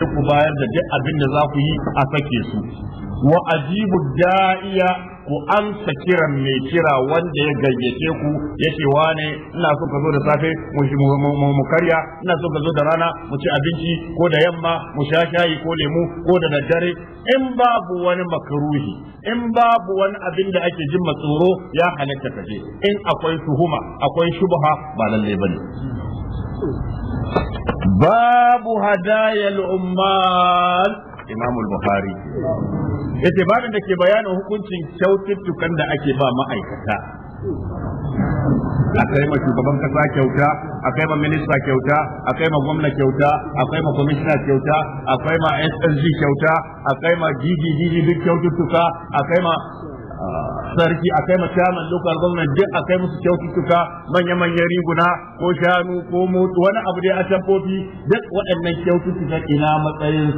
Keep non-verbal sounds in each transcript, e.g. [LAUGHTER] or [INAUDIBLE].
ku bayar da duk abin da za ku yi a sake su wa ajibu da'iya ku amsa kiran mai kira wanda ya gayyace ku yake wane ina so ka zo da safe mu karya ina so ka zo da rana mu ci abinci ko da yamma mu sha shayi ko lemu ko da daddare in babu wani makaruhi in babu wani abin da ake jin tsoro ya halatta kaje in akwai tuhuma akwai shubha ba lalle bane babu hadayal العمال imam البخاري yace da ke bayanin hukuncin kyaututtukan da ake ba ma'aikata a kai ma shugaban kasa kyauta a kai ma minista kyauta a kai ma gwamna kyauta a kai ma kwamishina kyauta a kai ma ssg kyauta a kai ma gigi duk kyaututtuka a kai ma sarki a kai chairman local government duk a kai musu kyaututtuka manya manyan riguna ko shanu ko motsi wani abu dai a kofi duk waɗannan kyaututtuka ina matsayin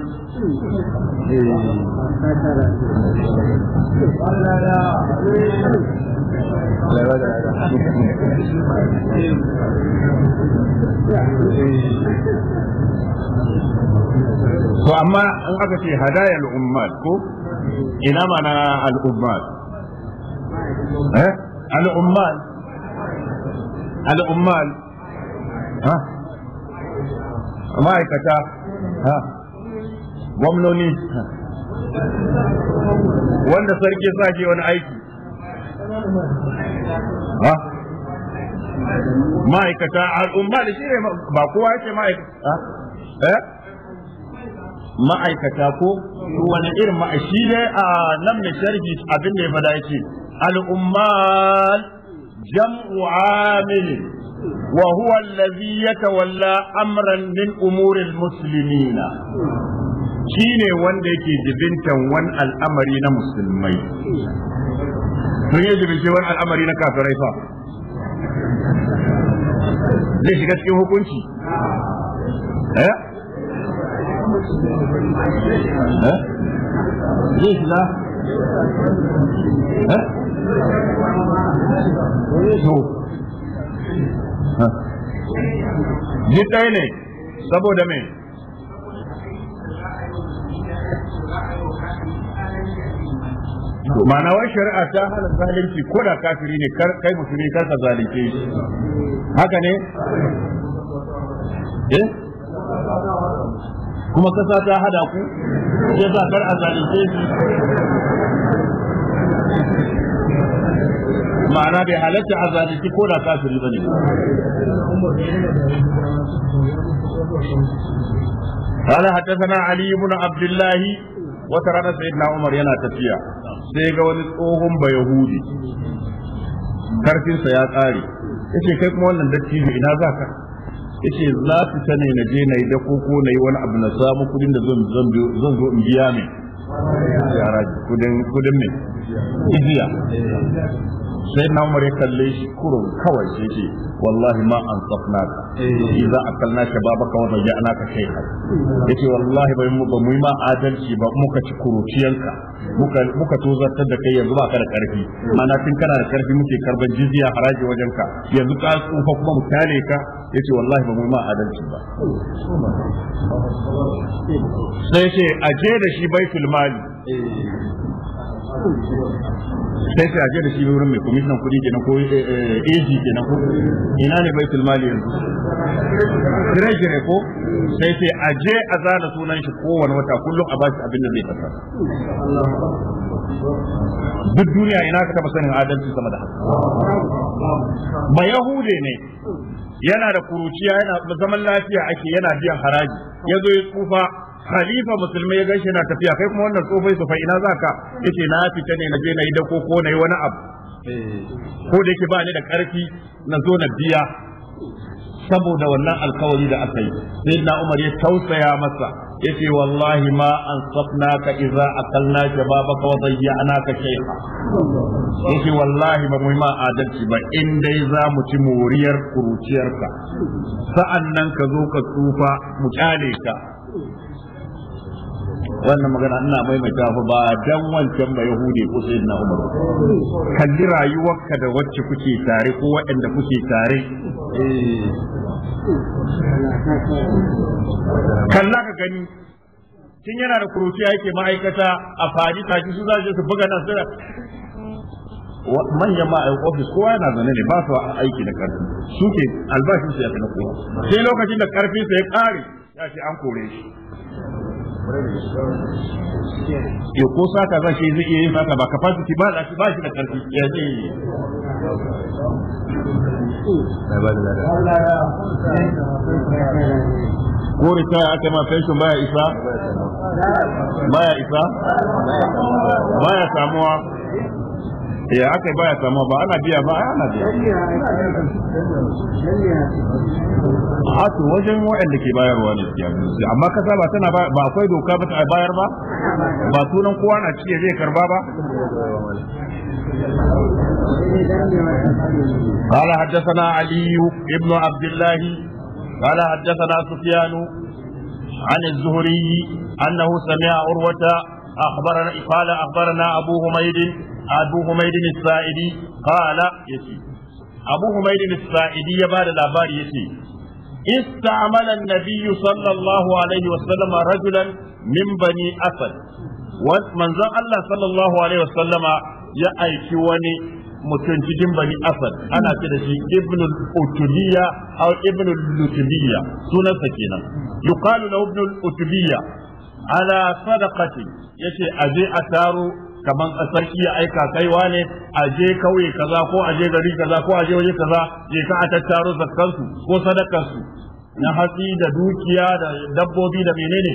to amma in aka ce hadayar ummat ko ina mana al'ummal eh al'ummal al'ummal ha ma'aikata ha gwamnoni wanda sarki sa ke wani aiki ha ma'aikata da shi ne ba kowa yake ma'aikata eh ma'aikata ko wani irin shi ne a ah, nan mai sharhi abin da ya fada yake العمال جمع عامل وهو الذي يتولى امرا من امور المسلمين shine wanda yake jibintan wani al'amari na musulmai sun yi jibinci wani al'amari na kafirai fa zai shiga cikin hukunci duk ɗaya ne saboda me ma'ana shari'a ta hana zalunci ko da kafiri ne kai musulmi kar ka zalunce shi haka ne eh? kuma kasa ta hada ku ya sa kar a zalunce shi ma'ana bai halatta a zalunci ko da kafiri bane قال حدثنا علي بن عبد الله وترانا سيدنا yana tafiya. تفيا سيغا wani tsohon bayahudi karfin sa ya kare yace kai kuma wannan ne, ina zaka yace za su ta ne na je na yi dako ko na yi wani abu na samu kudin da zan zo in biya mai kudin kudin mai igiya sai na umar ya kalle shi kurun kawai sai ce wallahi ma an tsafna ka Za eh. a kalla ka ba baka wata ana ka kai ya yace wallahi bai ba mu yi ma adalci ba muka ci kuruciyanka muka muka tozartar da kai yanzu ba ka da karfi mana tun kana da karfi muke karban jizya haraji wajen ka yanzu ka tsufa kuma mu ka yace wallahi ba mu yi ma adalci ba sai ce aje da shi bai mali sai sai aje da shi wurin mai kwamishinan kudi kenan ko eh, eh, AG kenan ko ina ne baitul mali yanzu treasury ko sai sai a je a zana sunan shi kowane wata kullum a bashi abin da zai fasa duk duniya ina ka taba sanin adalci sama da haka ba yahude ne yana da kuruciya yana zaman lafiya ake yana biyan haraji ya zo ya tsufa khalifa musulmi ya gashi na tafiya kai kuma wannan tsofai su fa ina zaka yace na fita ne na je na yi dako ko na yi wani abu eh. ko da yake ba ni da karfi na zo na biya saboda wannan alkawari da aka yi sai na umar ya tausaya masa yace wallahi ma an safna ka idza akalna shababaka wa dayyana ka shaykha yace wallahi ba mu adalci ba in dai za mu ci moriyar kuruciyarka sa'annan ka zo ka tsufa mu kyale ka wannan magana ina maimaita tafi ba dan wancan ba yahudi ko sai na umar kalli rayuwarka da wacce kuke tare ko waɗanda kuke tare kalla ka gani tun yana da kuruciya yake ma'aikata a fadi tashi su za su buga nan suna manyan ma'aikatan ofis kowa yana zane ne ba su aiki da karfi su ke albashin su ya fi na kowa sai lokacin da karfin sai ya kare ya ce an kore shi ya ko saka za shi zai iya yin ba ba ba shi da karfi ya zai yi ko rita aka ma pension baya isa baya isa baya samuwa ya aka yi baya sama ba ana biya ba ana biya a ah, to wajen waɗanda ke bayarwa ne amma kasa ba tana ba akwai doka ba ta bayar ba ba sunan kowa na ciye zai karba ba قال حدثنا علي بن عبد الله قال حدثنا سفيان عن الزهري أنه سمع عروة أخبرنا قال أخبرنا أبو حميد أبو حميد السائدي قال يسي أبو حميد السائدي بعد الأبار يسي استعمل النبي صلى الله عليه وسلم رجلا من بني أسد ومن الله صلى الله عليه وسلم يا أيكي وني mutum cikin bani asad ana ce da shi ibnul utubiya aw ibnul lutubiya sunansa kenan yuqalu lahu ibnul utubiya ala sadaqati yace aje a taro kaman sarki ya aika kaiwa ne aje kauye kaza ko aje gari kaza ko aje waje kaza je ka a tattaro zakkansu ko sadakarsu na hatsi da dukiya da dabbobi da menene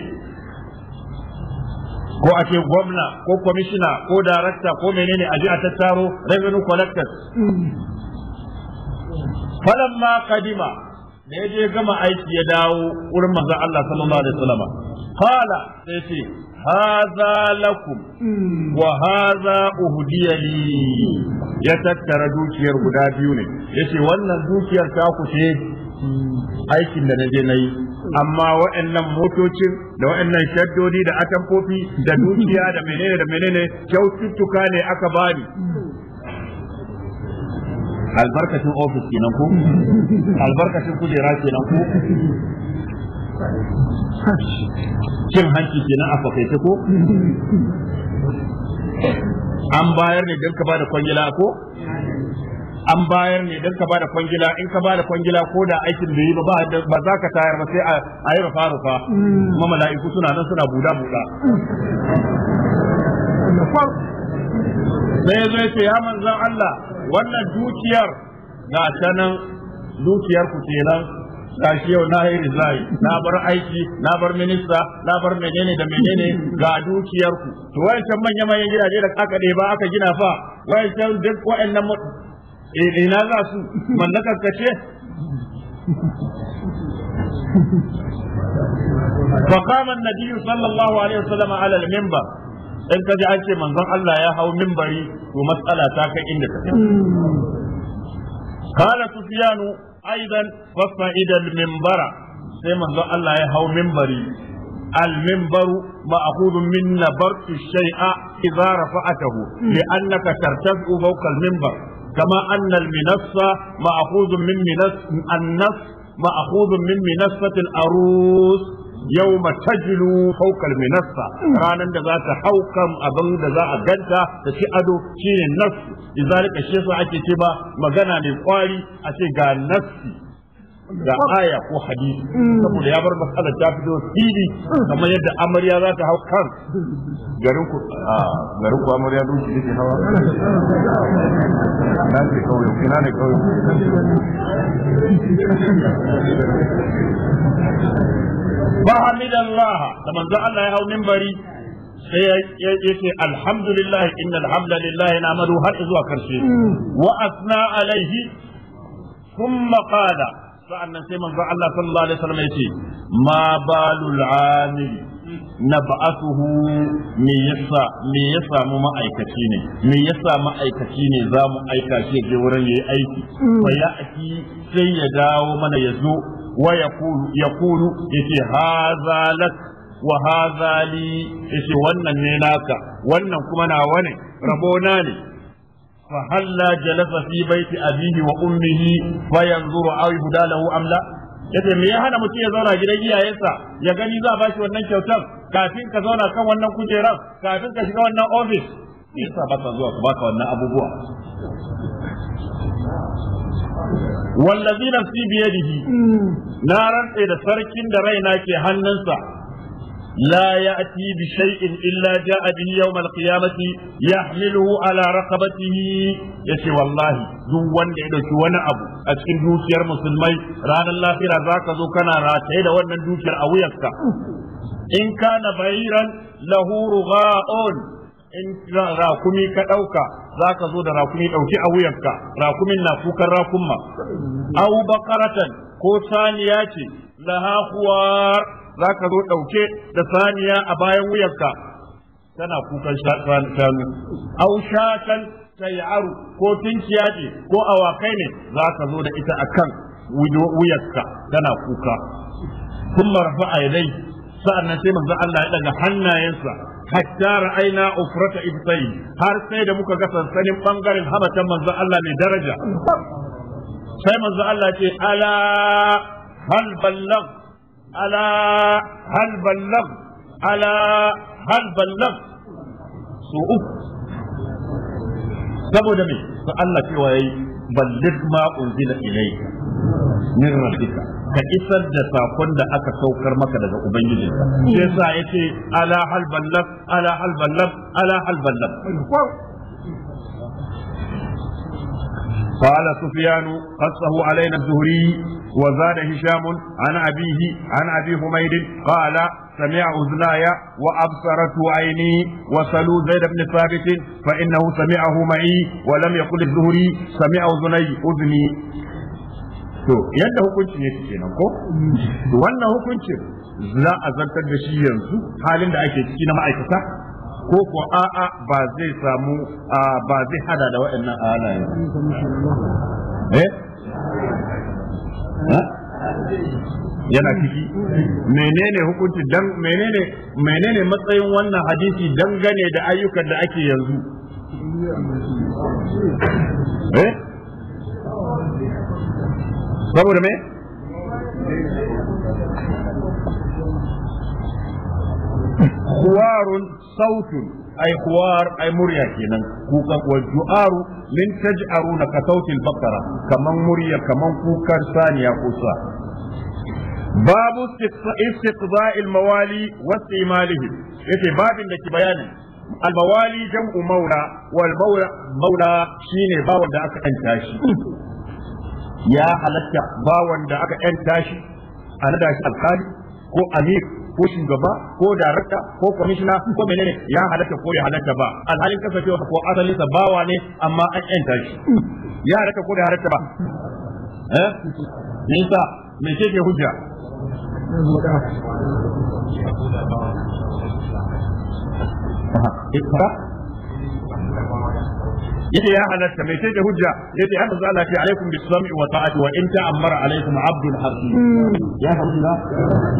ko a ce gwamna ko kwamishina ko darakta ko menene aje a tattaro revenue collectors mm. falamma kadima ne je gama aiki ya dawo wurin manzon Allah sallallahu alaihi wasallam Hala, sai ce hadha lakum wa hadha uhdiya li ya tattara dukiyar guda biyu ne yace wannan dukiyar ta ku ce aikin da na nayi amma waɗannan motocin da waɗannan shaddodi da atamfofi da dukiya da menene da menene kyaututtuka ne aka bani albarkacin ofis kenan ko albarkacin kujera kenan ko cin hanci kenan a fakaice ko an bayar ne don ka ba da kwangila ko an bayar ne don ka ba da kwangila in ka ba da kwangila ko da aikin da yi ba ba za ka tayar ba sai a yi rufa rufa Mamalaiku suna nan suna buda buda sai ya zo ya ce ya manzan Allah wannan dukiyar na ta nan dukiyar ku kenan shi yau na yi rizai na bar aiki na bar minista na bar menene da menene ga dukiyar ku to wayancan manya manyan gidaje da aka ba aka gina fa wayancan duk wayannan eh, ina za su mallakar kace فقام النبي صلى الله عليه وسلم على المنبر in ka je an ce manzon Allah ya hau mimbari to matsala ta kai inda ta kai. Kala Sufiyanu aidan fasa idan mimbara sai manzon Allah ya hau mimbari al mimbaru ma akudu min nabar shay'a idza rafa'atahu li annaka tartazu fawqa al mimbar kama anna al minassa ma min minas an nas min minasati al arus yau tajlu fawqa al-minassa da za ta hau kan abin da za a ganta ta ci ado shine nafsi izalika shi ake ce ba magana ne kwari a ce ga nafsi ga aya ko hadisi mm. saboda ya bar matsalar ta fito fili kamar yadda amarya za ta hau kan garin ku garin ku amarya don shi take hawa nan ke kawai kina ne kauye ba hamidallah da manzo Allah ya hau minbari sai ya ce alhamdulillah innal hamda na na'malu har zuwa karshe mm. wa asna alaihi thumma qala nan sai manzo Allah sallallahu alaihi wasallam yace ma balul amil nab'athuhu me yasa me ma'aikaci ne me yasa ma'aikaci ne za mu aika shi je wurin yayi aiki Ba mm. ya aki sai ya dawo mana zo wa kuru ya yace hadha lak wa hadha li yace wannan ne naka wannan kuma nawa ne rabona ne فهلا جلس في بيت أبيه وأمه فينظر أو يهدى له أم لا yace me ya hana mutum ya zauna gidan iyayensa ya gani za a bashi wannan kyautar kafin ka zauna kan wannan kujerar kafin ka shiga wannan ofis me yasa ba ka zuwa ka wannan abubuwa wallazi nafsi biyadihi na rantse da sarkin da raina ke hannunsa لا يأتي بشيء إلا جاء به يوم القيامة يحمله على رقبته يشي والله دون وان يدوش وانا أبو أتكن دوشير مسلمي ران الله خير ذاك ذو كان راتيد وانا دوشير أو يكا إن كان بعيرا له رغاء in rakumi ka ɗauka za ka zo da rakumi ɗauki a wuyanka rakumin na kukan rakunma au bakaratan ko saniya ce laha kuwar za ka zo ɗauke da saniya a bayan wuyarka tana kukan shanu au shatan tayaru ko tinkiya ce ko awakai ne za ka zo da ita a kan wuyarka tana kuka kuma a yadai sa'an nan sai manzo Allah ya daga hannayensa hatta ra'ayna ufrata ibtai har sai da muka ga sansanin bangaren hamatan manzo Allah mai daraja sai manzo Allah ce ala hal ألا هل بلغ ألا هل بلغ سوء سبو دمي فألا كيوهي بلغ ما أنزل إليك من ربك كإسر جسا كن لأك سوكر مكا لذا أبيني إيه. جسا جسا يتي ألا هل بلغ ألا هل بلغ ألا هل بلغ قال سفيان قصه علينا الزهري وزاد هشام عن أبيه عن أبي حميد قال سمع أذناي وأبصرت عيني وسلوا زيد بن ثابت فإنه سمعه معي ولم يقل الزهري سمع أذني أذني to yadda hukuncin yake kenan ko wannan hukuncin za a zartar da shi yanzu halin da ake ciki na ma'aikata ko ko a'a ba zai samu ba zai hada da waɗannan halaye eh yana ciki menene hukunci dan menene menene matsayin wannan hadisi dangane da ayyukan da ake yanzu eh saboda me kuwarun sautun ai khuwar ai murya kenan kuka wal ju'aru min taj'aruna ka sautil bakara kaman murya kaman kukar saniya kusa babu istiqba'il mawali wastimalihim yace babin da ke al-mawali jam'u maula wal maula maula shine bawan da aka yanta shi ya halatta bawan da aka yanta shi ana da shi alkali ko amir ko shugaba ko darakta ko kwamishina ko menene ya halatta ko ya halatta ba alhalin kasancewa ko asali sa bawa ne amma an yanta shi ya halatta ko ya halatta ba eh nisa me ce ke hujja yace ya halatta mai sai da hujja yace haka zala ce alaikum bisami wa ta'ati wa in ta'ammara alaikum abdul hakim ya fahimta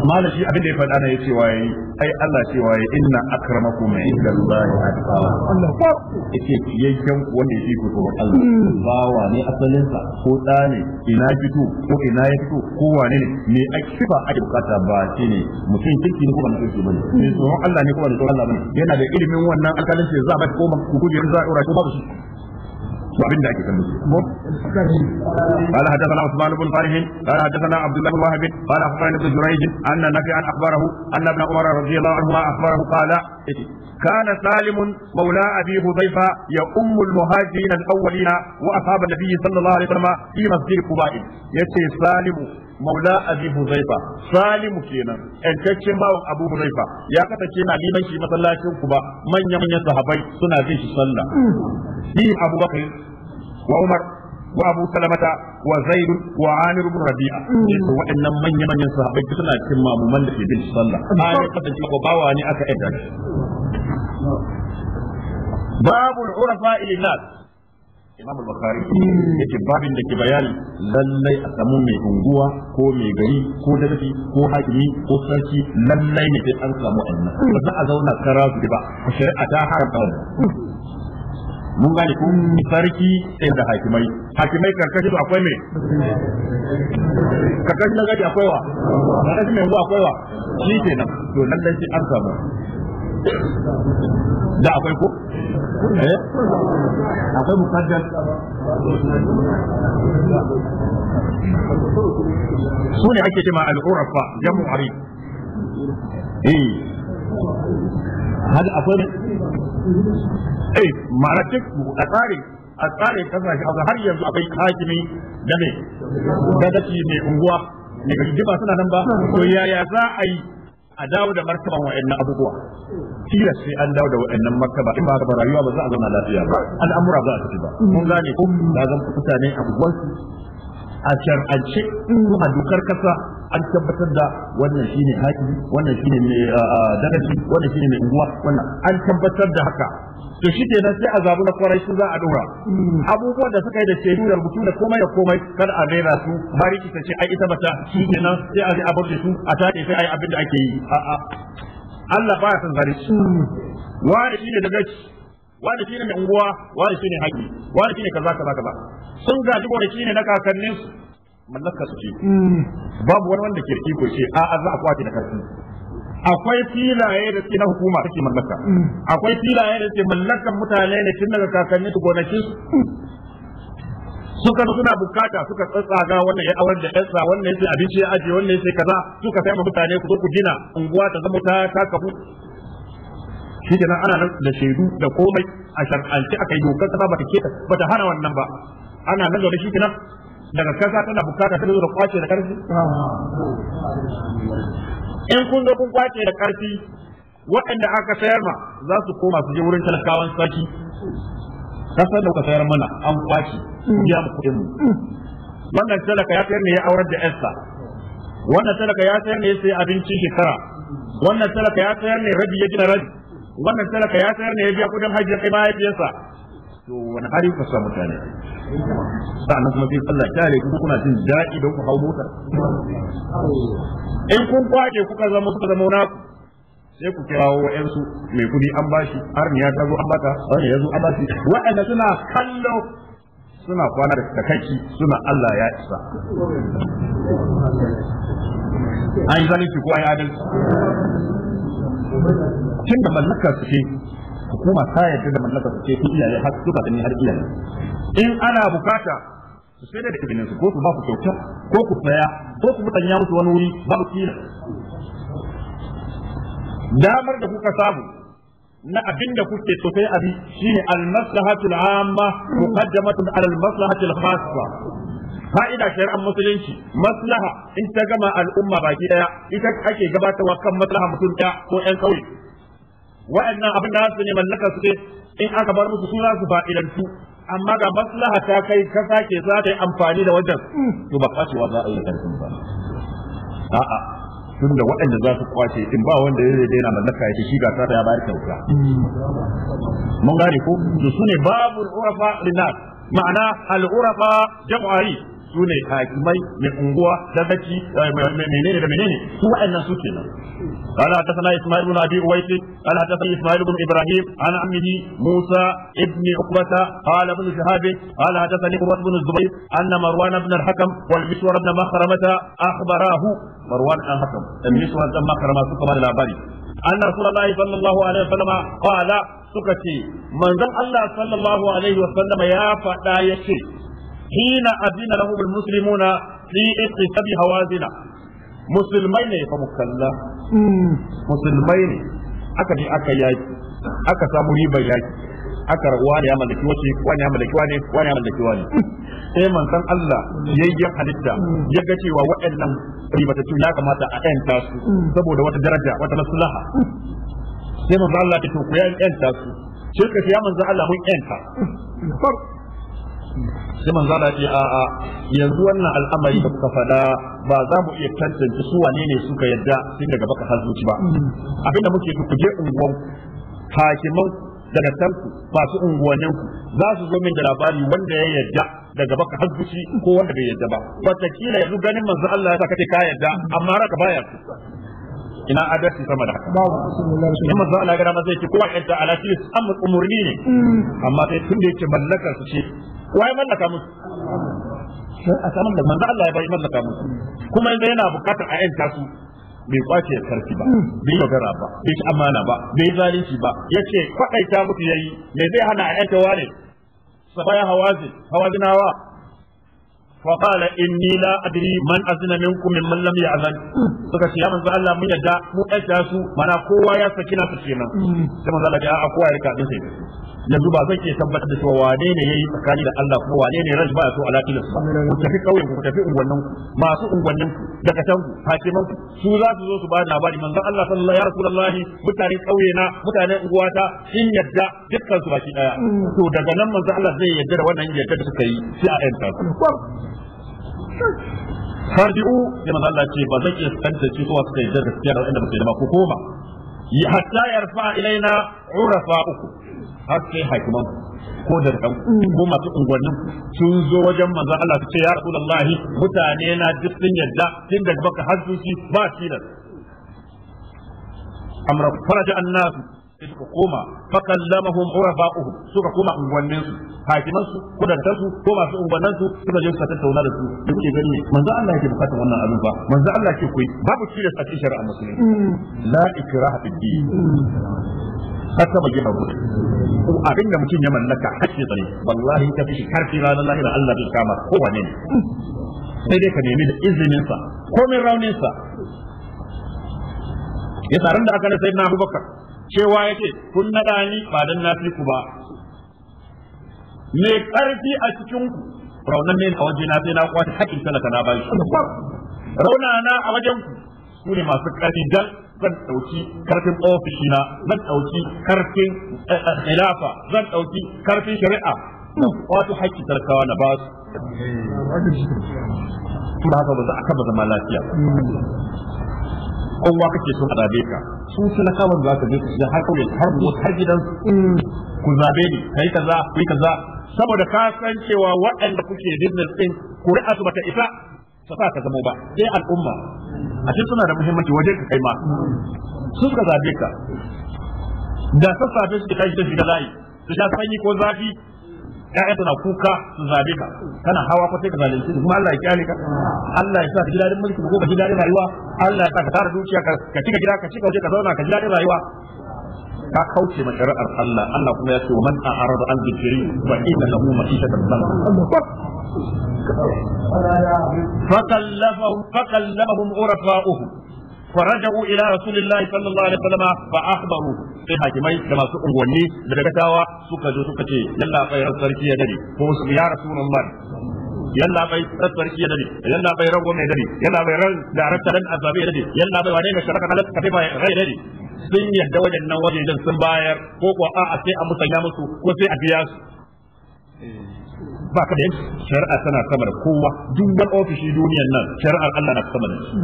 malam shi abin da ya faɗa na ya yace waye ai Allah ce waye inna akramakum indallahi atqakum Allah ko yace yayyan wanda yake ku tsoron Allah hmm. bawa ne asalin sa ko da ne ina fito ko ina ya fito ko wane ne me ake sifa ake bukata ba shi ne mutum kirki ne ko ba mutum bane ne hmm. Allah ne ko ba Allah bane yana da ilimin wannan akalin ce za a ba ko kujerin za a ɗora ko babu shi وابن داكي سمي قال حدثنا عثمان بن فارح قال حدثنا عبد الله بن وهب قال اخبرني ابن جريج ان نافعا اخبره ان ابن عمر رضي الله عنهما اخبره قال كان سالم مولى ابي حذيفه يؤم المهاجرين الاولين واصحاب النبي صلى الله عليه وسلم في مسجد قباء يتي سالم maula abi huzaifa salimu kenan yankaccen bawan abu huzaifa ya kasance na liman shi masallacin ku ba manya manyan sahabai suna bin shi sallah shi abubakar وعمر وابو سلمة وزيد وعامر بن ربيعة وان من يمن صحابه كنا كما من في الله انا قد باواني اكا ادن باب العرفاء للناس imam al-bukhari yake babin da ke bayani lallai a samu mai unguwa ko mai gari ko dadi ko hakimi ko sarki lallai ne sai an samu annan ba za a zauna kara ba shari'a ta haramta mun gane kun sarki sai da hakimai hakimai karkashin akwai me karkashin na gadi akwai wa karkashin mai akwai wa shi ke nan to nan dai an samu da akwai ko eh akwai mukaddar su ne ake cewa al-urafa jam'u arif eh hada akwai eh ma'ana duk a tsare, a tsare kasashe a har yanzu akwai hakimi da ne da mai unguwa ne ga jiba suna nan ba to yaya za a yi a dawo da martaban wa'annan abubuwa tilas sai an dawo da wa'annan martaba in ba ka rayuwa ba za a zauna lafiya ba al'amura za a tafi ba mun gane ko da zan mutane a gwansu a shar'ance a dokar kasa an tabbatar da wannan shine haƙi, wannan shine ne dagaci wannan shine mai unguwa wannan an tabbatar da haka to shi ke nan sai a zabu na kwarai su za a dora abubuwan da suka yi da shaidu da rubutu da komai da komai kada a rera su bari ki ta ce ai ita bata shi ke nan sai a je a bar su a take sai ai abin da ake yi a'a Allah baya son zari. wani shi ne dagaci wani ne mai unguwa wani shi ne haƙi. wani shi ne kaza kaza kaza sun gaji shi ne na kakanninsu mallaka su ce hmm. babu wani wanda ke iko ce a a za a kwace da karfi akwai filaye da suke na hukuma take mallaka hmm. akwai filaye da suke mallakan mutane ne tun daga kakanni su gonakin hmm. suka suna bukata suka tsatsaga wannan ya awar da ɗansa wannan yace abinci ya aje wannan yace kaza suka sai mutane ku zo ku gina unguwa ta zama ta ta kafu shi kenan ana nan da shaidu da komai a shar'anci aka yi dokar kasa bata keta bata hana wannan ba ana nan da shi kenan daga kasa tana bukata ta zo da kwace da karfi in kun zo kun kwace da karfi waɗanda aka sayar ma za su koma su je wurin talakawan sarki kasar da kuka sayar mana an kwace ya mu kuɗin mu wannan talaka ya sayar ne ya aurar da esta wannan talaka ya sayar ne ya sayi abincin shekara wannan talaka ya sayar ne rabi ya gina rabi wannan talaka ya sayar ne ya biya kudin hajji kai mahaifiyarsa to wani hari ku sa mutane sa'annan kuma sai Allah kyale ku kuna jin daɗi don ku hau motar. in kun kwaje kuka zama kuka zama naku sai ku kira kirawo wa'yansu mai kudi an bashi har ni ya tazo an bata har ya zo an bashi wa'anda suna kallo suna kwana da takaki suna Allah ya isa an yi zalunci ko an yi adalci tun da mallaka su ce hukuma ta yarda da mallakar su ce iyaye har suka gani har iyaye in ana bukata su sai da ibinin su ko su ba ku kyauta ko ku saya ko ku mutanya musu wani wuri babu kila damar da kuka samu na abin da kuke so abin abi shine al-maslahatul amma muqaddamatun ala al-maslahatil khassa fa'ida shari'ar musulunci maslaha in ta gama al'umma baki daya ita ake gabatarwa kan maslaha mutum ɗaya ko 'yan kauye wa'annan abin da su ne mallaka su ne in aka bar musu suna su fa'idantu amma ga maslaha ta kai ka sake za ta yi amfani da wajen to ba kwacewa za a yi karfin ba a'a tun da waɗanda za su kwace in ba wanda ya daina mallaka ya shi gasa ta ya bayar kyauta mun gane ko su ne babu urafa linnas ma'ana al-urafa su ne hakimai mai unguwa da zaki eh, mai menene da menene su waɗannan su kenan ana ta Isma'il bin Abi Uwaisi ana ta sana Isma'il bin Ibrahim ana Musa ibn Ukbata ala bin Shahab ala ta sana Qurat bin Zubayr anna Marwan ibn al-Hakam wal Miswar ibn Makhramata akhbarahu Marwan al-Hakam al eh, Miswar ibn Makhramata suka bada labari anna Rasulullahi sallallahu alaihi wasallam qala suka ce manzon Allah sallallahu alaihi wasallam ya faɗa yace hina azina lahum almuslimuna fi hawa hawazina musulmai ne fa mukalla hmm. musulmai ne aka je aka yaki aka samu ribar yaki aka wani ya mallaki wace wani ya mallaki wani wani ya mallaki wani hmm. sai manzon Allah halitta hmm. ya ga cewa waɗannan ribatatu ya a ƴanta su saboda wata daraja wata maslaha sai manzon Allah ya ce Allah sai man Allah ce a yanzu wannan al'amari da kuka fada ba za mu iya tantance su wane ne suka yadda sai daga baka har ba abinda muke duk je unguwan hakiman daga tanku masu unguwannin ku za su zo min da labari wanda ya yadda daga baka har ko wanda bai yadda ba wata kila yanzu ganin manzo Allah ya saka ka yadda amma raka baya su ina adalci sama da haka in manzo Allah ya gara ma zai ce kowa yadda ala amma umurni ne mm. amma sai tun da yake mallakar su ce wai mallaka musu a saman da manzo Allah ya bai mallaka musu kuma yanzu yana bukatar a yanka su bai kwace sarki ba bai dogara ba bai ci amana ba bai zalunci ba yace kwadaita musu yayi me zai hana a yanka wane sabaya hawazi hawazinawa فقال إني لا أدري من أذن منكم من man لم يأذن suka ce ya manzo Allah mun yadda mu ɗaga su mana kowa ya saki na su kenan mm. sai manzo Allah ya a kowa ya kadin sai yanzu ba zan iya tabbatar da cewa wane ne yayi tsakani da Allah kuma wane ne rajba so ala su ba ku tafi kauyen ku tafi ungwannin masu ungwannin daga can ku hakiman su za su zo su ba da labari manzon Allah sallallahu alaihi wa sallam mutane kauye na mutane ta sun yadda dukkan su baki daya to daga nan manzon Allah zai yadda da wannan yadda da suka yi sai a yanta fardi'u ya manzo Allah ce ba zan iya tsanta ci kowa suka yarda gaskiya da wanda ba su yarda ba ko koma hatta yarfa ilaina urafa uku Haske sai hakiman ko da kan ko masu unguwannin sun zo wajen manzon Allah su ce ya rasulullahi mutane na duk sun yadda tun da baka har zuci ba tilas amra faraja nasu. suka koma fakallamahum urafa'uhum suka koma unguwannin su hakiman su kudantar su ko masu unguwannin su suka je suka tattauna da su da kuke gani manzo Allah yake bukatar wannan abin fa manzo Allah yake koyi babu cire sakin shari'a musulmi mm. la ikraha fid din haka mm. ba gina rubutu abin da mutum ya mallaka hakki tsare wallahi ta fi karfi ranar lahira Allah bai kama kowane ne mm. sai dai ka nemi da izinin sa komin raunin sa ya taron da aka na sayyidina Abubakar cewa yake kun naɗa ni ba dan na ku ba me ƙarfi a cikin ku raunan ne a waje na sai na kwata hakin talaka na bayi rauna na a wajen ku su ne masu ƙarfi dan zan ɗauki karfin ofishina zan ɗauki karfin eh, eh, ilafa, zan ɗauki karfin shari'a wato haƙƙin talakawa na ba su tun ba za a kaba zama lafiya kowa kake son a zabe ka su talakawan za ka je su har kawai har har gidan mm. ku zabe ni kai kaza kai kaza saboda ka san cewa waɗanda kuke business din kuri'a su bata isa ta sa ka zama ba sai al'umma a cikin suna da muhimmanci wajen ka kai ma su suka zabe ka da sassafe suke kai ta shiga layi su sha sanyi ko zafi ƴaƴan tana kuka su zabe ka kana hawa ko sai ka zalunci kuma Allah ya kyale ka Allah ya sa ka ji dadin mulki ko ka ji dadin rayuwa Allah ya sa ka tara dukiya ka ka cika gida ka cika waje ka zauna ka ji dadin rayuwa ka kauce ma shari'ar Allah Allah kuma ya ce man a'arada an zikiri fa inna lahu ma'ishatan dhanba فكلفهم فكلفهم عرفاؤهم فرجعوا الى رسول الله صلى الله عليه وسلم فاخبروا sai hakimai da masu unguwanni da dagatawa suka zo suka ce yalla bai sarki ya dade ko su ya rasulullah yalla bai sarki ya dade yalla bai rago mai dade yalla bai ran da rattadan azabi ya dade yalla bai wane ne sharaka halat sun yadda wajen wajejen sun bayar ko ko a'a sai a musanya musu ko sai a biya su ba ka da yanci shari'a tana sama da kowa duk wani ofishi duniyan nan shari'ar Allah na sama da shi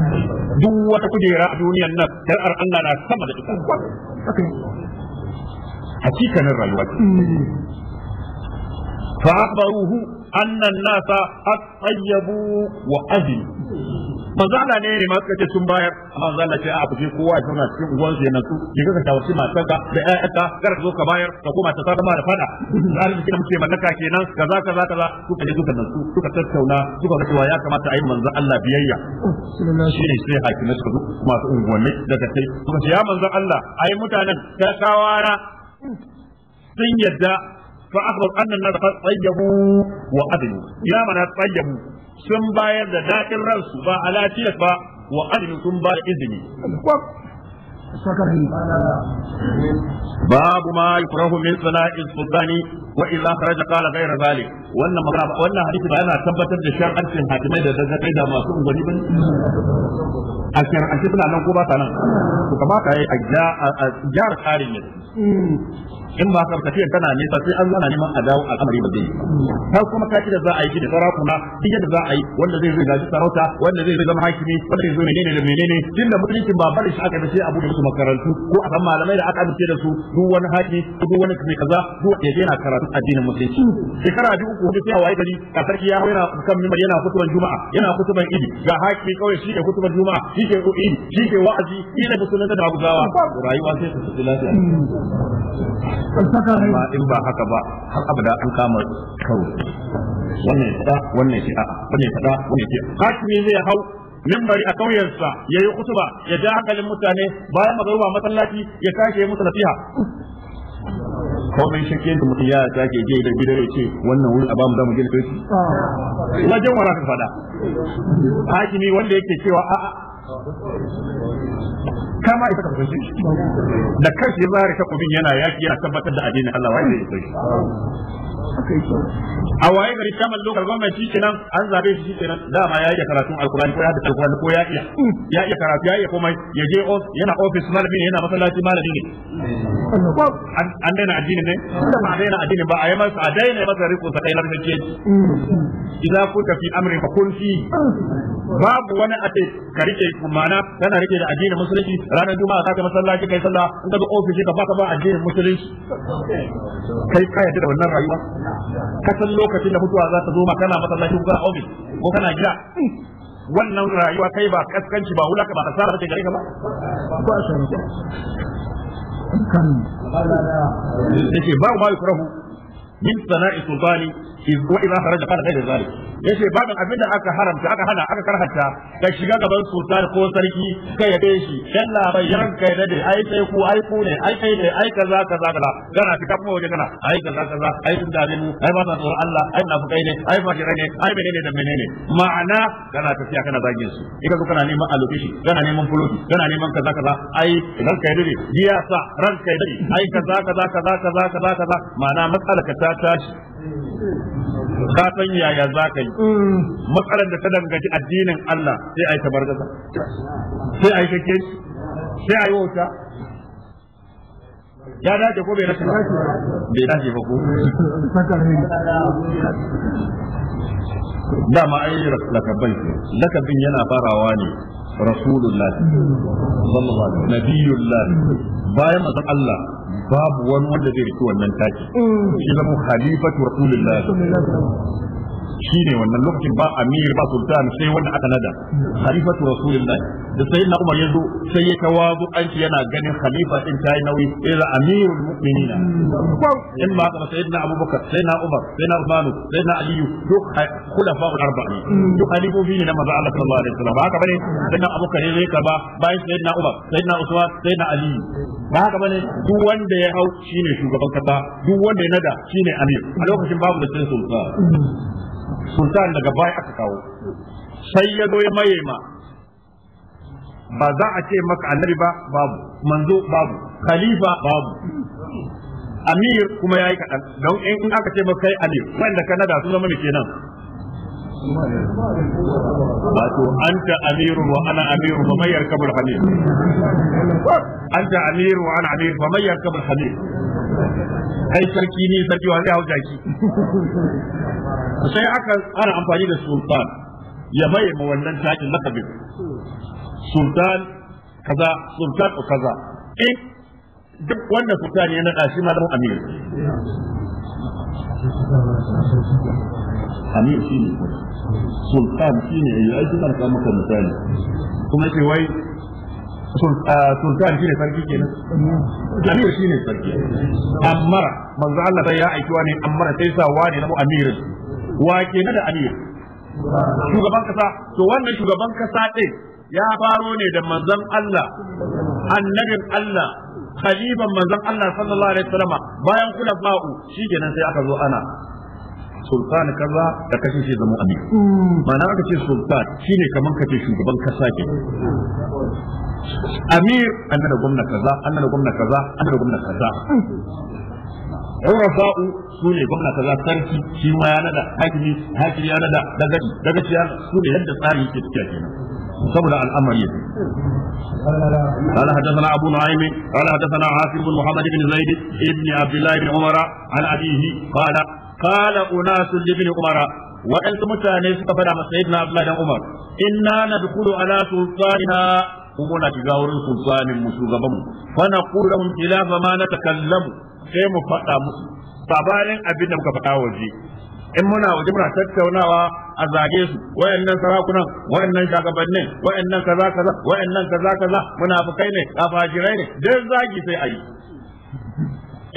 duk wata kujera a duniyan nan shari'ar Allah na sama da ita hakikanin rayuwa fa akhbaruhu anna an-nasa qad tayyabu wa azlu manzo Allah ne ne masu kace sun bayar amma manzo Allah ce a kuje kowa ya zauna cikin uwan su yana su ki ga ta wasi matan ka da ƴaƴanka kar ka zo ka bayar ka koma ta saka da fada arziki da muke mallaka kenan kaza kaza kaza suka je suka nan su suka tattauna suka ga cewa ya kamata a yi manzo Allah biyayya shi ne sai hakimai suka zo masu unguwanni daga sai suka ce ya manzo Allah yi mutanen ta kawara sun yadda fa akhbar anna an-nas qad wa adu ya mana tayyabu sun bayar da daɗin ransu ba a lafiyar ba wa azumi sun ba da izini الشكري باب ما يكره من صلاة السلطان وإذا خرج قال غير ذلك وأن مغرب وأن حديث بأنا ثبت الشرع في حاكمين إذا ذهب إذا ما سوء أنت in ba ka tafiyar tana sai an a dawo al'amari ba zai yi har da za a yi da sarakuna duk da a yi wanda sarauta wanda zai hakimi wanda tun da mutuncin ba bari shi aka sai abu makarantu ko a san malamai da aka amince da su duk wani haƙi duk wani mai kaza duk ya je na karatu addinin musulunci shekara biyu uku hudu sai waye gari a sarki ya yana kan mimbar yana kutuban juma'a yana kutuban idi ga haƙi kawai shi ke kutuban juma'a shi ke ko idi shi ke wa'azi shi ne musulunta da abu abuzawa rayuwa sai su tafi lafiya amma in ba haka ba har abada an kama karo wannan ya wannan ya fada wannan ya wannan ya fada hakimi zai hau mimbari a kauyensa ya yi kutuba ya ja hankalin mutane bayan magaruba masallaci ya tashi ya musu nasiha komai shakkiyar da mutum ya sake je da gidan ya ce wannan wuri a bamu zamu gina kai ah. wajen wara ka fada hakimi wanda yake cewa a'a kama ita kafin shi da kashi zari ta kubin yana yaki yana tabbatar da addinin Allah wai zai yi a waye gari kamar lokal gwamnati shi kenan an zabe shi kenan dama ya iya karatun alkurani ko ya da alkurani ko ya iya ya iya karatu ya iya komai ya je yana office malami yana masallaci malami ne an daina addini ne da ba daina addini ba a yi masa a daina masa riko sa kai larkace idan ku tafi amrin fa kun fi babu wani ate ka rike ma'ana kana rike da addinin musulunci ranar juma'a ka masallaci kai sallah in ka zo ofishi ka baka ba addinin musulunci kai ka yadda da wannan rayuwa ka san lokacin da mutuwa za ta zo ma kana masallaci ko kana ofis ko kana gida wannan rayuwa kai ba kaskanci ba wulaka ba asara take gare ka ba ba san kan yake ba ma yukrahu min sana'i sultani wa idza yace abin da aka haramta aka hana aka karhata ka shiga gaban sultan ko sarki kai ya shi kai da dai ai sai ku ai ku ne ai kai ne ai kaza kaza kaza waje ai kaza kaza ai sun mu ai ba ta tsoron Allah ai na fukai ne ai ne ai menene da menene ma'ana tafiya kana zagin su idan kana neman neman neman kaza kaza ai kai dai biya sa dai ai kaza kaza kaza kaza kaza kaza ma'ana ta tashi ka san yaya za ka yi mm. matsalar da ta dangaci addinin Allah sai a yi tabargaza sai a yi kake sai a yi wauta ya dace ko bai dace ba bai dace ba ko dama ai lakabin lakabin yana farawa ne rasulullah sallallahu alaihi nabiyullah bayan manzon Allah babu wani wanda zai riki wannan taki mm. khalifatu rasulullah shi ne wannan lokacin ba amir ba sultan sai wanda aka nada khalifatu rasulullah da na umar yanzu sai ya tawazu an yana ganin khalifa din tayi nauyi ila amirul mu'minin in ba ka sayyidina abubakar na umar sai sayyidina usman na Aliyu, duk khulafa al-arba'a duk khalifofi ne na manzo Allah sallallahu alaihi wasallam haka bane sayyidina abubakar ne zai karba bayan na umar sai sayyidina usman na Aliyu. ba haka bane duk wanda ya hau shine shugaban kasa duk wanda ya nada shine amir a lokacin babu da sai sultan sultan daga baya aka kawo sai ya zo ya maye ma ba za a ce maka annabi ba babu manzo babu khalifa babu amir kuma yayi kadan don in aka ce maka kai amir wanda kanada sun zama ne kenan wato anta amiru wa ana amiru fa mayyar kabul hamir anta amiru wa ana amiru fa mayyar kabul hamir kai sarki ne sarki wa zai hau jaki sai aka ana amfani da sultan ya bayyana wannan takin lakabin sultan kaza sultan kaza in eh, duk wanda sultan ya naɗa shi malamin amir amir shi ne sultan shi ne ya yi aikata maka misali kuma ce wai Ah, sultan shi ne sarki kenan amir ne sarki amara manzo Allah sai ya aiki wani amara sai sa wani na amirin wa kenan da amir shugaban kasa to wannan shugaban kasa din ya faro ne da manzon Allah annabin Allah khaliban manzon Allah sallallahu alaihi wasallam bayan kula ba'u shikenan sai aka zo ana sultan kaza da kashe shi zama amir hmm. ma'ana aka ce sultan shine kaman kace shugaban kasa ke amir an da gwamna kaza an da gwamna kaza an da gwamna kaza urafa'u su ne gwamna kaza sarki shi ma ya nada hakimi hakimi ya nada daga daga ciya su ne yadda tsari yake tafiya kenan saboda al'amari yake قال حدثنا ابو نعيم قال حدثنا عاصم بن محمد بن زيد بن عبد الله بن عمر عن ابيه قال قال اناس لابن عمر وانت متاني سكفر مع سيدنا عبد الله بن عمر انا ندخل على سلطاننا Kuma muna shiga wurin sultanin mu shugaban mu fa naqulu lahum khilafa ma takallamu sai mu faɗa musu sabarin abin da muka faɗa waje in muna waje muna tattaunawa a zage su wayannan sarakunan wayannan shagabannin wayannan kaza kaza wayannan kaza kaza munafikai ne kafajirai ne dan zagi sai ayi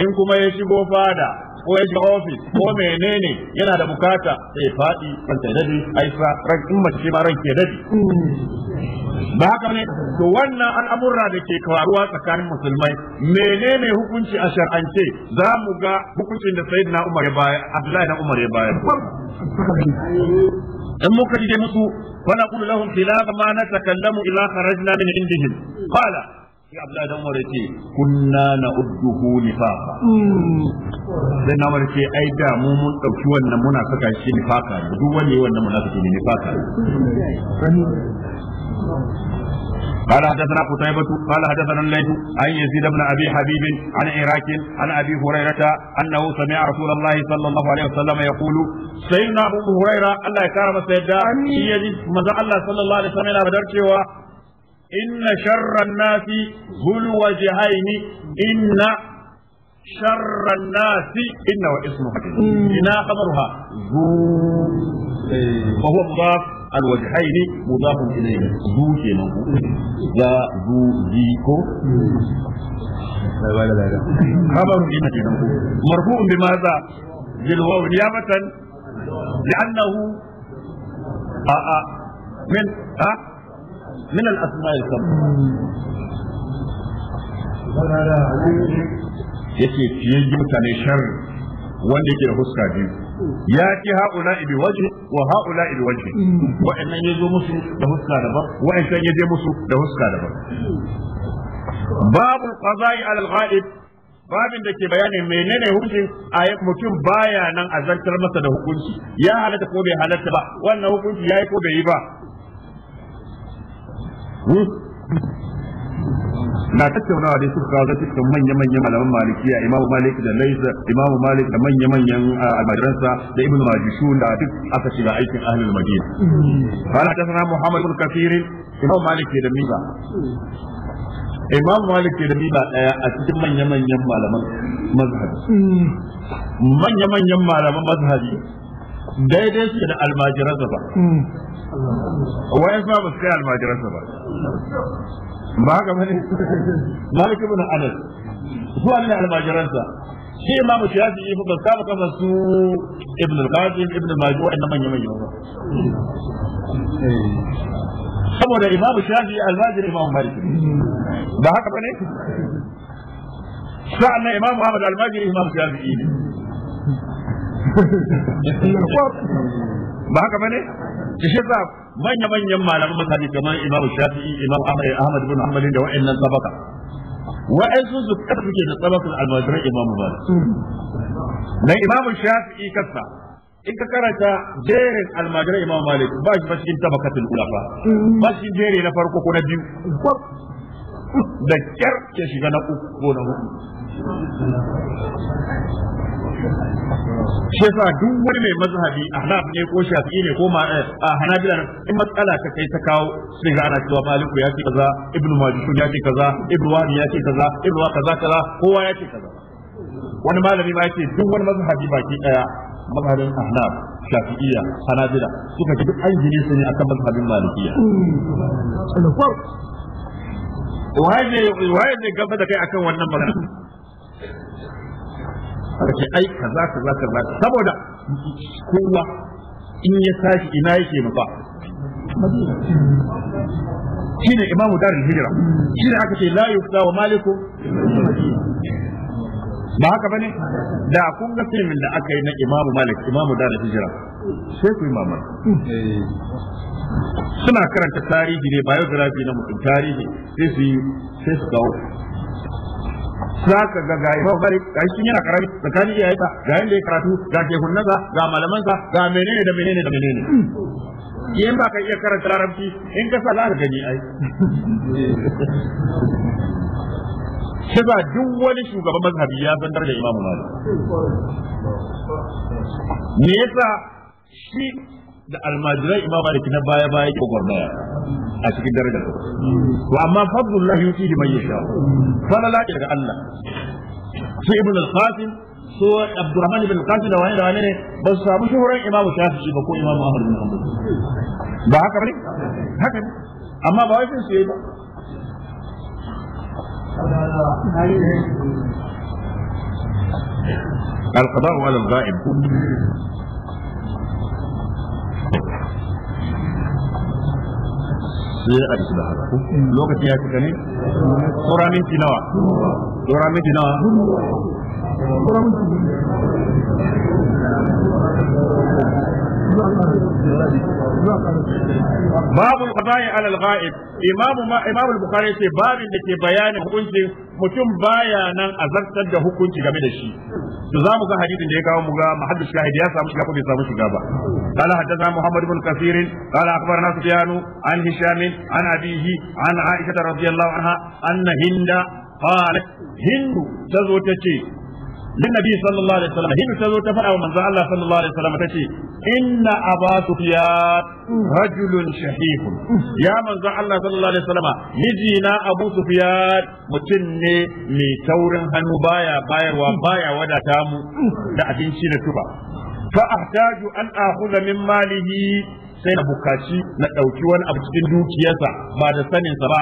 in kuma ya shigo fada ko ya shiga ofis ko menene yana da bukata sai faɗi ranta dadi isa ran in mace ba ran ke dadi ba haka ne to wannan al'amurra da ke karuwa tsakanin musulmai menene hukunci a shar'ance za mu ga hukuncin da sayyidina Umar Baya Abdullahi da Umar ya bayar in muka ji musu fa naqulu lahum khilafa ma natakallamu ila kharajna min indihim qala ya Abdullahi da umar yake kunna na'udduhu nifaqa dan na umar yace ai da mu mun dauki wannan muna saka shi nifaka duk wani wannan munafiki ne nifaka قال حدثنا قتيبة قال حدثنا الليث عن يزيد بن ابي حبيب عن عراك عن ابي هريرة انه سمع رسول الله صلى الله عليه وسلم يقول سيدنا ابو هريرة الله يكرم سيدنا يزيد ماذا الله صلى الله عليه وسلم بدرك إن شر الناس ذو الوجهين إن شر الناس إن واسمه إن خبرها ذو فهو إيه، مضاف الوجهين مضاف إليه ذو كينا ذا ذو ذيكو خبر إن كينا مرفوع بماذا بالواو نيابة لأنه آآ آه، آه، من آآ آه، من الأسماء السبعة yace fiyayyen mutane shar wanda yake da huska biyu ya ki haula ibi waje wa haula ibi waje wa'annan ya zo musu da huska daban wa'annan ya je musu da huska daban babu qada'i alal ghaib babin da ke bayanin menene hukuncin a mutum baya nan a zartar masa da hukunci ya halatta ko bai halatta ba wannan hukunci ya yi ko bai yi ba hmm? na tattaunawa dai suka kawo zai cikin manya-manyan malaman malikiya imamu malik da laisa imamu malik da manya-manyan almajiransa da ibnu majishun da duk aka shiga aikin ahlul madina bala hmm. ta sana muhammad bin kafir imamu malik ke da miba imamu malik ke da miba daya a cikin manya-manyan malaman mazhabi hmm. manya-manyan malaman mazhabi daidai suke da almajiransa ba hmm. wayan ba su kai almajiransa ba ba haka bane malik ibn anas su Allah almajiransa shi imamu ba saba kafa su ibn al-qasim ibn majid wa'annan manyan manyan ba saboda imam shafi almajir imam malik ba haka bane sa'annan imam ahmad almajir imam shafi'i ne [LAUGHS] ba haka bane shi manya-manyan malaman masani kamar imam shafi'i imam ahmad bin hanbali da wa'annan sabaka wa'ansu su kasa suke da sabakun almajiran imam malik na imam shafi'i kasa in ka karanta jerin almajiran imam malik ba shi ba cikin tabakatul ulafa ba shi jere na farko ko na biyu da kyar ke shiga na uku ko na hudu shi yasa duk wani mai mazhabi hanaf ne ko shafi'i ne ko ma eh, a hanabila in matsala ta kai ta kawo sai ga ana cewa maliku ya ce kaza ibnu majishun ya ce kaza ibnu wani ya ce kaza ibnu kaza kaza kowa ya ce kaza wani malami ma yace duk wani mazhabi baki daya mazhabin ahnaf shafi'iyya hanabila suka ji duk an jini su ne akan mazhabin malikiyya waye ne gaba da kai akan wannan magana aka ce ai kaza kaza kaza saboda kowa in ya tashi ina yake nufa shi ne imamu darin hijra shi ne aka ce la yufta wa maliku ba haka bane da kun ga filmin da aka yi na imamu malik imamu darin hijira sai ku yi suna karanta tarihi ne biography na mutum tarihi sai su sai su za ka ga ga yafa bari ga shi yana karami tsakanin iyayensa ga yanda ya karatu ga kekunansa ga sa ga menene da menene da menene yin ba ka iya karanta larabci in ka sa za gani ai shi ba duk wani shugaban mazhabi ya san da imamu malik me yasa shi da almajirai imam malik na baya baya ke gwamnaya a cikin darajar Wa amma fadlullahi yuti man yasha falala daga Allah su ibn al-qasim su abdurrahman ibn al-qasim da wani da wani ne ba su samu shuhuran imam shafi'i ba ko imam ahmad bin hanbal ba haka bane haka ne amma ba wai su yi ba القضاء على الغائب dia ada saudara. Hmm. Lokasi aku kami orang ini Cina. Orang ini Cina. Orang ini babul qada'i alal ghaib imam imam al-bukhari sai babin da ke bayanin hukuncin mutum baya nan azartar da hukunci game da shi to zamu ga hadisin da ya kawo mu ga muhaddis shahid ya samu shiga kuma samu shiga ba qala hadatha muhammad ibn kathir qala akhbarana sufyan an hisham an abihi an aisha radhiyallahu anha anna hinda hindu. هند تزوجتي din nabi sallallahu alaihi wasallam hin ta zo ta fada wa Allah sallallahu alaihi wasallam tace inna aba sufyan rajulun shahih ya manzon Allah sallallahu alaihi wasallam miji na abu sufyan mutum ne mai taurin hannu baya bayarwa baya wadata mu da abinci da tuba fa ahtaju an akhudha min malihi sai na bukaci na ɗauki wani abu cikin dukiyarsa ba da saninsa ba.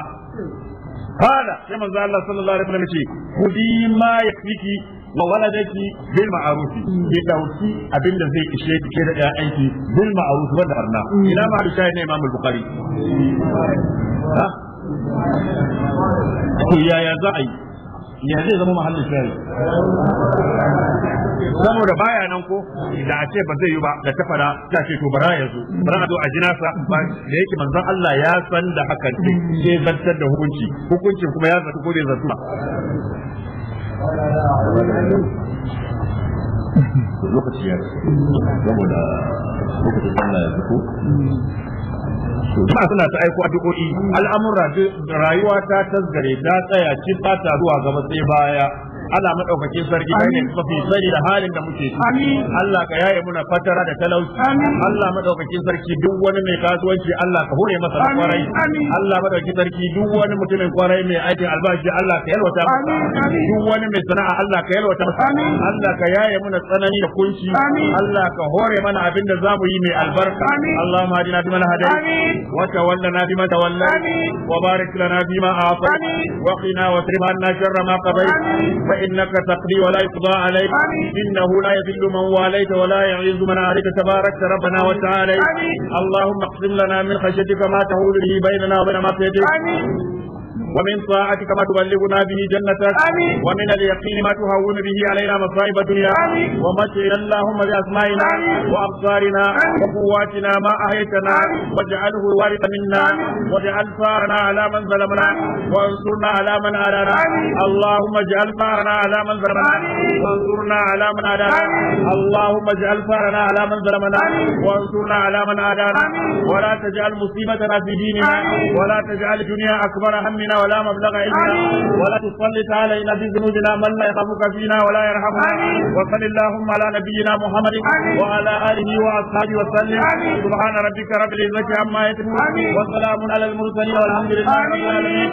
Kada sai manzo Allah sallallahu alaihi ce, ma ya da ki bil ma'arufi ki dauki abinda zai ishe ki da da aiki bil ma'arufi wanda arna. ina ma da shayi ne Imam Bukhari ha ya yaya za a yi ya zai zama mahallin shayi saboda baya nan ko da a ce ba zai yi ba da ta fara ta ce to bara yanzu bara zo a jina sa ba da yake manzon Allah ya san da hakan ce sai zartar da hukunci hukuncin kuma ya zartu ko da zartu lokaci ya saboda lokacin sallah ya fito ba suna ta aiko a duk al'amura rayuwa ta tasgare ta tsaya ci ta taruwa gaba sai baya Allah madaukakin sarki Amin. ne mafi da halin da muke ciki Allah ka yaye muna fatara da talauci Allah madaukakin sarki duk wani mai kasuwanci Allah ka hore masa da Amin. Allah madaukakin sarki duk wani mutumin kwarai mai aikin albashi Allah ka yalwata Amin. duk wani mai sana'a Allah ka yalwata Amin. Allah ka yaye muna tsanani da kunci Allah ka hore mana abin da zamu yi mai albarka Allahumma hadina biman Amin wa tawallana wa barik lana bima wa qina wa sharra ma qabayt فإنك تقضي ولا يقضى عليك إنه لا يذل من واليت ولا يعز من عليك تبارك ربنا وتعالى اللهم اقسم لنا من خشيتك ما تهول به بيننا وبين معصيتك ومن طاعتك ما تبلغنا به جنتك ومن اليقين ما تهون به علينا مصائب الدنيا ومتعنا اللهم بأسمائنا وأبصارنا وقواتنا ما أحيتنا واجعله الوارث منا واجعل ثارنا على من ظلمنا وانصرنا على من عادانا اللهم اجعل ثارنا على من ظلمنا وانصرنا على من عادانا اللهم اجعل ثارنا على من ظلمنا وانصرنا على من عادانا ولا تجعل مصيبتنا في ديننا ولا تجعل الدنيا أكبر همنا ولا ولا مبلغ علمنا ولا تسلط علينا بذنوبنا من لا يخافك فينا ولا يرحمنا وصل اللهم على نبينا محمد وعلى اله واصحابه وسلم سبحان ربك رب العزه عما يصفون وسلام على المرسلين والحمد لله رب العالمين